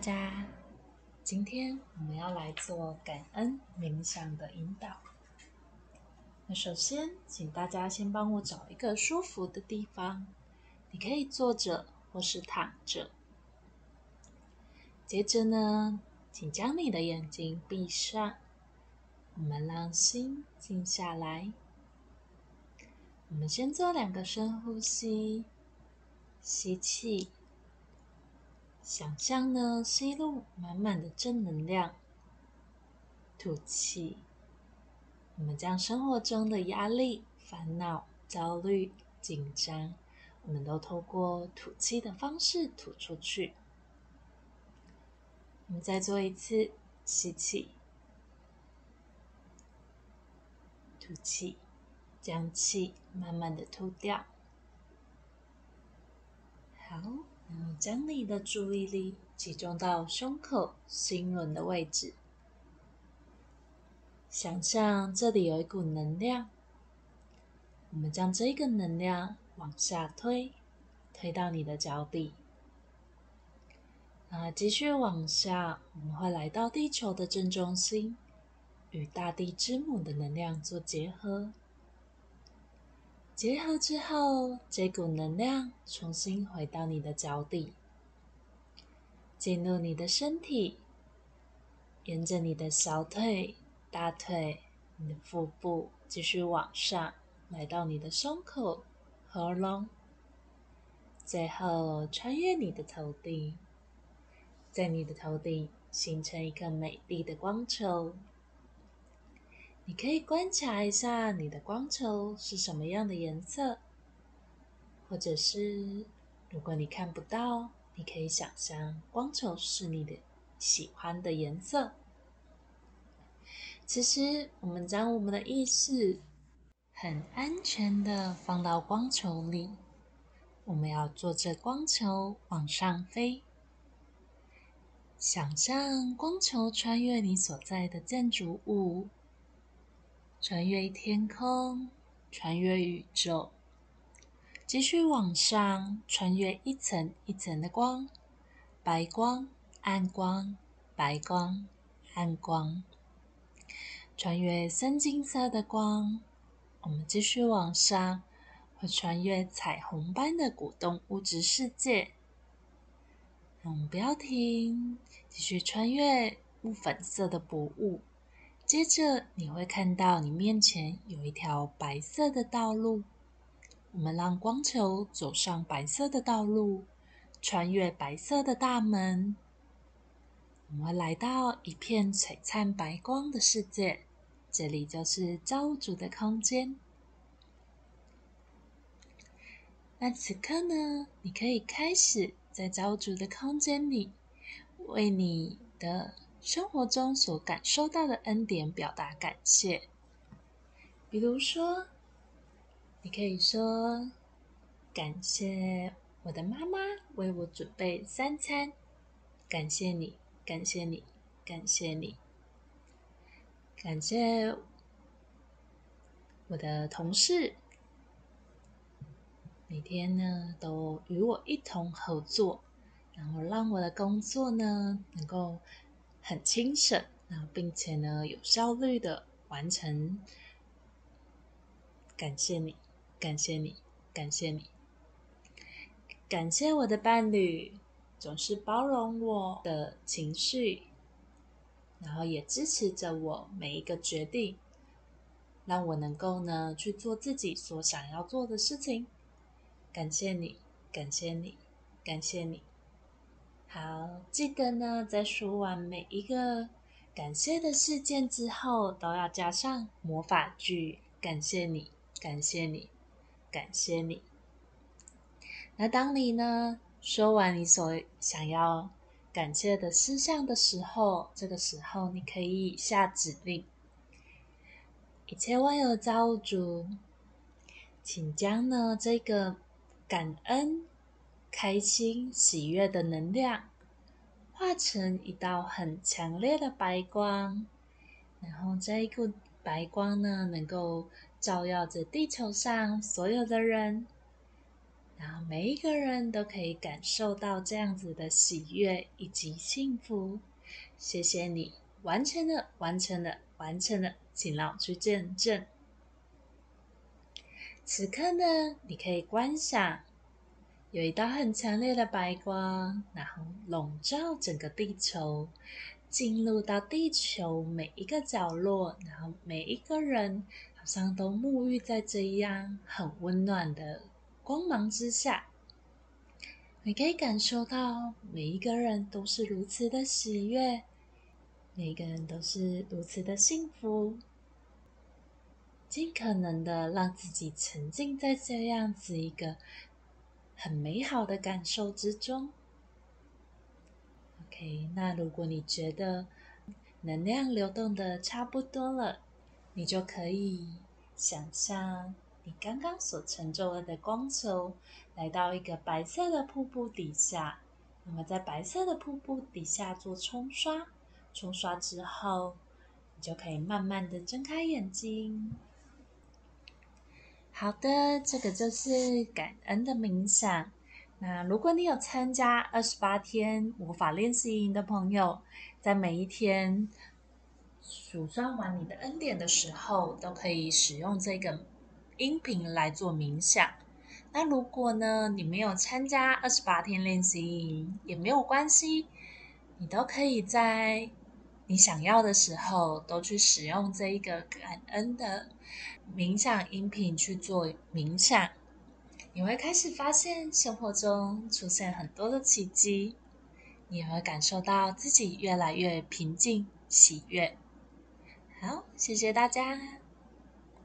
大家，今天我們要來做感恩冥想的引導。那首先，請大家先幫我找一個舒服的地方，你可以坐着或是躺着。接着呢，請將你的眼睛閉上，我們讓心靜下來。我們先做兩個深呼吸，吸氣。想象呢，吸入滿滿的正能量，吐氣。我們將生活中的壓力、煩惱、焦慮、緊張，我們都透過吐氣的方式吐出去。我們再做一次吸氣，吐氣，將氣慢慢的吐掉。好。嗯，將你的注意力集中到胸口心輪的位置，想象這裡有一股能量，我們將這個能量往下推，推到你的腳底，啊，繼續往下，我們會來到地球的正中心，與大地之母的能量做結合。結合之後，這股能量重新回到你的腳底，進入你的身體，沿着你的小腿、大腿、你的腹部，繼續往上，來到你的胸口、喉嚨，最後穿越你的頭頂，在你的頭頂形成一個美麗的光球。你可以觀察一下你的光球是什麼樣的顏色，或者是如果你看不到，你可以想象光球是你的喜歡的顏色。其實，我們將我們的意識很安全地放到光球裡，我們要坐着光球往上飛，想象光球穿越你所在的建築物。穿越天空，穿越宇宙，繼續往上，穿越一層一層的光，白光、暗光、白光、暗光，穿越深金色的光，我們繼續往上，會穿越彩虹般的果凍物質世界。我們不要停，繼續穿越霧粉色的薄霧。接着，你會看到你面前有一條白色的道路。我們讓光球走上白色的道路，穿越白色的大門，我們來到一片璀璨白光的世界。這裡就是造物主的空間。那此刻呢？你可以開始在造物主的空間裡，為你的。生活中所感受到的恩典，表達感謝。比如說，你可以說：“感謝我的媽媽為我準備三餐。”感謝你，感謝你，感謝你，感謝我的同事，每天呢都與我一同合作，然後讓我的工作呢能夠。很清醒，然後並且呢，有效率的完成。感謝你，感謝你，感謝你，感謝我的伴侶，總是包容我的情緒，然後也支持着我每一個決定，讓我能夠呢去做自己所想要做的事情。感謝你，感謝你，感謝你。好，記得呢，在說完每一個感謝的事件之後，都要加上魔法句：“感謝你，感謝你，感謝你。”那當你呢說完你所想要感謝的事項的時候，這個時候你可以下指令：“一切萬有造物主，請將呢這個感恩。”開心、喜悅的能量化成一道很強烈的白光，然後這一股白光呢，能夠照耀着地球上所有的人，然後每一個人都可以感受到這樣子的喜悅以及幸福。謝謝你，完成了，完成了，完成了，請讓我去見證。此刻呢，你可以觀想。有一道很強烈的白光，然後籠罩整個地球，進入到地球每一個角落，然後每一個人好像都沐浴在這樣很溫暖的光芒之下。你可以感受到每一個人都是如此的喜悅，每個人都是如此的幸福。盡可能的讓自己沉浸在這樣子一個。很美好的感受之中。OK，那如果你覺得能量流動的差不多了，你就可以想象你剛剛所乘坐的光球來到一個白色的瀑布底下。那麼在白色的瀑布底下做沖刷，沖刷之後，你就可以慢慢的睜開眼睛。好的，這個就是感恩的冥想。那如果你有參加二十八天魔法練習營的朋友，在每一天數算完你的恩典的時候，都可以使用這個音頻來做冥想。那如果呢，你沒有參加二十八天練習營也沒有關係，你都可以在，你想要的時候，都去使用這一個感恩的冥想音頻去做冥想，你會開始發現生活中出現很多的奇蹟，你也會感受到自己越來越平靜、喜悅。好，謝謝大家。